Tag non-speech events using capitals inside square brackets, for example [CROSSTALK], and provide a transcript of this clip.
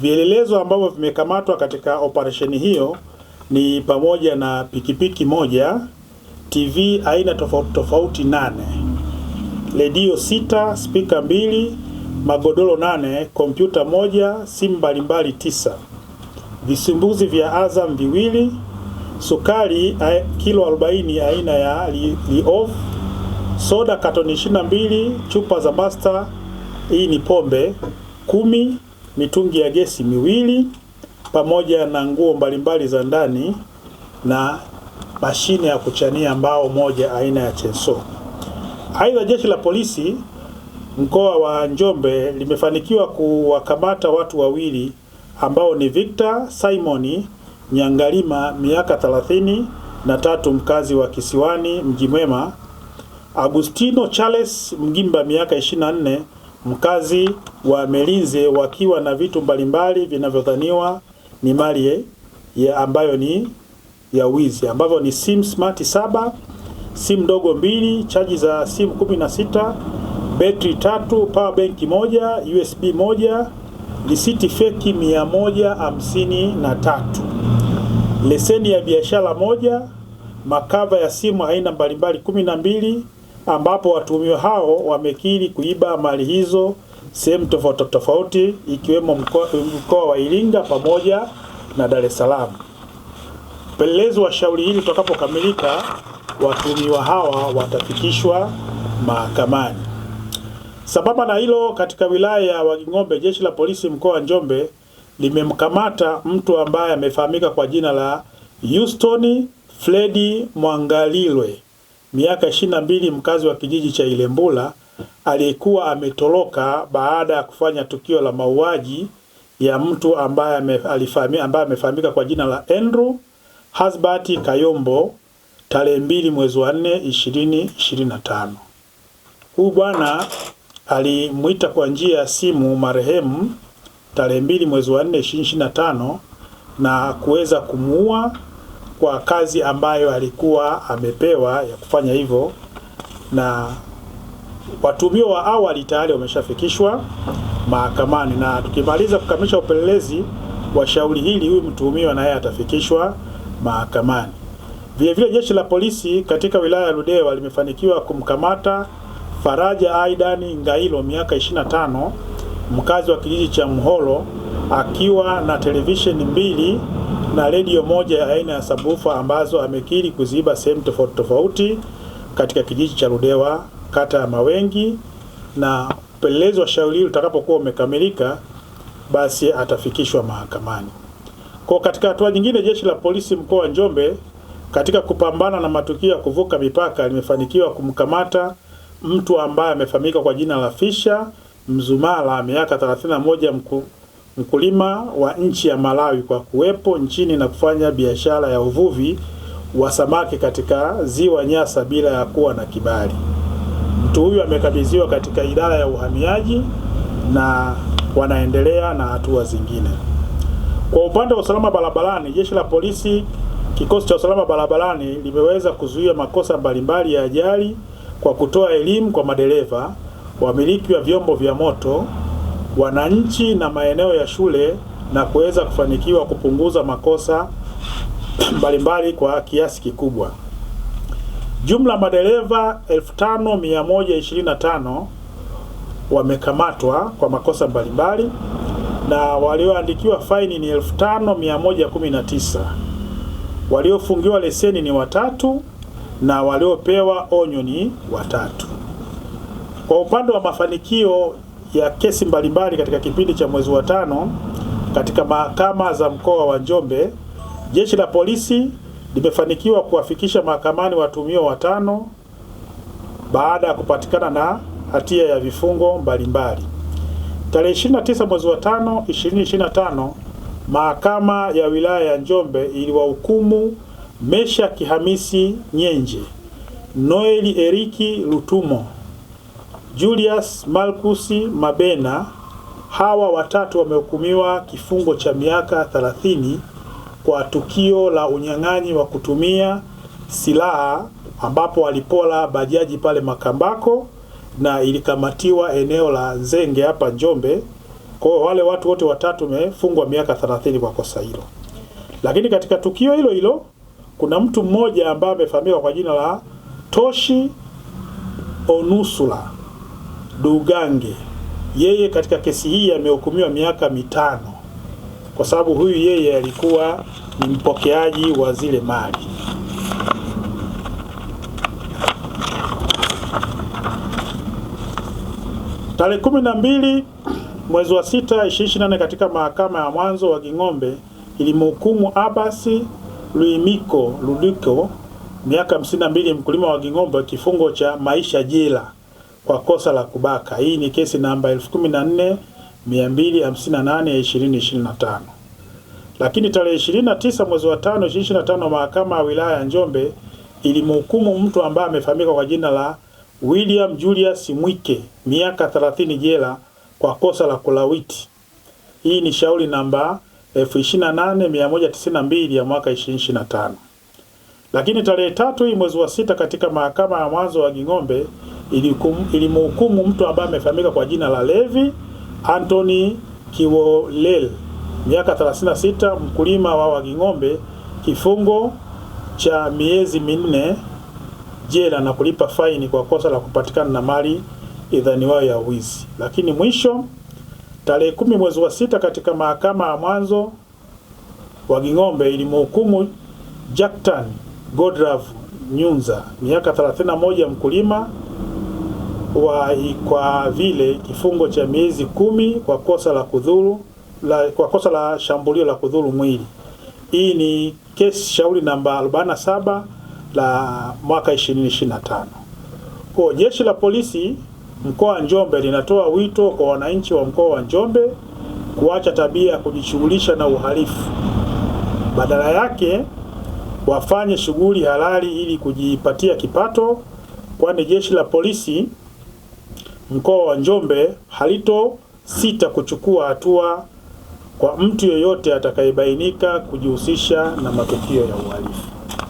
Vielelezo ambavyo vimekamatwa katika operesheni hiyo ni pamoja na pikipiki moja, TV aina tofauti tofauti nane, redio sita, spika mbili, magodoro nane, kompyuta moja, simu mbalimbali tisa, visumbuzi vya Azam viwili, sukari kilo 40 aina ya Liof, soda katoni 22, chupa za Master, hii ni pombe kumi mitungi ya gesi miwili pamoja na nguo mbalimbali za ndani na mashine ya kuchania mbao moja aina ya chenso. Aidha, jeshi la polisi mkoa wa Njombe limefanikiwa kuwakamata watu wawili ambao ni Victor Simoni Nyangalima miaka 30 na tatu mkazi wa Kisiwani Mjimwema, Agustino Charles Mgimba miaka mkazi wa Melize wakiwa na vitu mbalimbali vinavyodhaniwa ni mali ya ambayo ni ya wizi ambavyo ni sim smart saba, simu ndogo mbili, chaji za simu kumi na sita, betri tatu, power bank moja, USB moja, risiti feki mia moja hamsini na tatu, leseni ya biashara moja, makava ya simu aina mbalimbali kumi na mbili ambapo watuhumiwa hao wamekiri kuiba mali hizo sehemu tofauti tofauti ikiwemo mkoa wa Iringa pamoja na Dar es Salaam. Upelelezi wa shauri hili utakapokamilika, watuhumiwa hawa watafikishwa mahakamani. Sambamba na hilo, katika wilaya ya Wanging'ombe, jeshi la polisi mkoa wa Njombe limemkamata mtu ambaye amefahamika kwa jina la Houston Fredi Mwangalilwe miaka ishirini mbili, mkazi wa kijiji cha Ilembula aliyekuwa ametoroka baada ya kufanya tukio la mauaji ya mtu ambaye amefahamika ambaye kwa jina la Andrew Hasbati Kayombo tarehe mbili mwezi wa nne ishirini ishirini na tano. Huyu bwana alimwita kwa njia ya simu marehemu tarehe mbili mwezi wa nne ishirini ishirini na tano na kuweza kumuua kwa kazi ambayo alikuwa amepewa ya kufanya hivyo, na watumio wa awali tayari wameshafikishwa mahakamani, na tukimaliza kukamilisha upelelezi wa shauri hili, huyu mtuhumiwa naye atafikishwa mahakamani. Vilevile jeshi la polisi katika wilaya ya Ludewa limefanikiwa kumkamata Faraja aidan Ngailo miaka 25 mkazi wa kijiji cha Mholo akiwa na televisheni mbili na redio moja ya aina ya sabufa ambazo amekiri kuziba sehemu tofauti tofauti katika kijiji cha Ludewa kata ya Mawengi, na upelelezi wa shauri hili utakapokuwa umekamilika, basi atafikishwa mahakamani. Kwa katika hatua nyingine, jeshi la polisi mkoa wa Njombe katika kupambana na matukio ya kuvuka mipaka limefanikiwa kumkamata mtu ambaye amefahamika kwa jina la Fisha Mzumala miaka 31 mku mkulima wa nchi ya Malawi kwa kuwepo nchini na kufanya biashara ya uvuvi wa samaki katika ziwa Nyasa bila ya kuwa na kibali. Mtu huyu amekabidhiwa katika idara ya uhamiaji na wanaendelea na hatua zingine. Kwa upande wa usalama barabarani, jeshi la polisi kikosi cha usalama barabarani limeweza kuzuia makosa mbalimbali ya ajali kwa kutoa elimu kwa madereva, wamiliki wa vyombo vya moto wananchi na maeneo ya shule na kuweza kufanikiwa kupunguza makosa [CLEARS THROAT] mbalimbali kwa kiasi kikubwa. Jumla madereva 5125 wamekamatwa kwa makosa mbalimbali na walioandikiwa faini ni 5119, waliofungiwa leseni ni watatu na waliopewa onyo ni watatu. Kwa upande wa mafanikio ya kesi mbalimbali katika kipindi cha mwezi wa tano katika mahakama za mkoa wa Njombe, jeshi la polisi limefanikiwa kuwafikisha mahakamani watuhumiwa watano baada ya kupatikana na hatia ya vifungo mbalimbali. Tarehe 29 mwezi wa tano 2025, mahakama ya wilaya ya Njombe iliwahukumu mesha kihamisi Nyenje, Noeli Eriki Lutumo Julius Malkusi Mabena. Hawa watatu wamehukumiwa kifungo cha miaka 30 kwa tukio la unyang'anyi wa kutumia silaha ambapo walipola bajaji pale Makambako na ilikamatiwa eneo la Nzenge hapa Njombe. Kwa hiyo wale watu wote watatu wamefungwa miaka 30 kwa kosa hilo. Lakini katika tukio hilo hilo kuna mtu mmoja ambaye amefahamika kwa jina la Toshi Onusula Dugange, yeye katika kesi hii amehukumiwa miaka mitano kwa sababu huyu yeye alikuwa ni mpokeaji wa zile mali. Tarehe kumi na mbili mwezi wa sita 2024 katika mahakama ya mwanzo wa King'ombe ilimhukumu Abasi Luimiko Ludiko miaka 52 mkulima wa King'ombe kifungo cha maisha jela kwa kosa la kubaka. Hii ni kesi namba 14258 ya 2025. Lakini tarehe 29 mwezi wa 5 2025, mahakama ya wilaya ya Njombe ilimhukumu mtu ambaye amefahamika kwa jina la William Julius Mwike miaka 30 jela kwa kosa la kulawiti. Hii ni shauri namba 28192 ya mwaka 2025. Lakini tarehe tatu hii mwezi wa sita katika mahakama ya mwanzo wa Ging'ombe ilimhukumu mtu ambaye amefahamika kwa jina la Levi Anthony Kiwolel, miaka 36, mkulima wa Waging'ombe, kifungo cha miezi minne jela na kulipa faini kwa kosa la kupatikana na mali idhaniwayo ya wizi. Lakini mwisho tarehe kumi mwezi wa sita katika mahakama ya mwanzo Waging'ombe ilimhukumu Jaktan Godrav Nyunza miaka 31, mkulima wa, kwa vile kifungo cha miezi kumi kwa kosa la kudhuru la, kwa kosa la shambulio la kudhuru mwili. Hii ni kesi shauri namba 47 la mwaka 2025. Kwa jeshi la polisi mkoa wa Njombe linatoa wito kwa wananchi wa mkoa wa Njombe kuacha tabia ya kujishughulisha na uhalifu, badala yake wafanye shughuli halali ili kujipatia kipato, kwani jeshi la polisi mkoa wa Njombe halito sita kuchukua hatua kwa mtu yeyote atakayebainika kujihusisha na matukio ya uhalifu.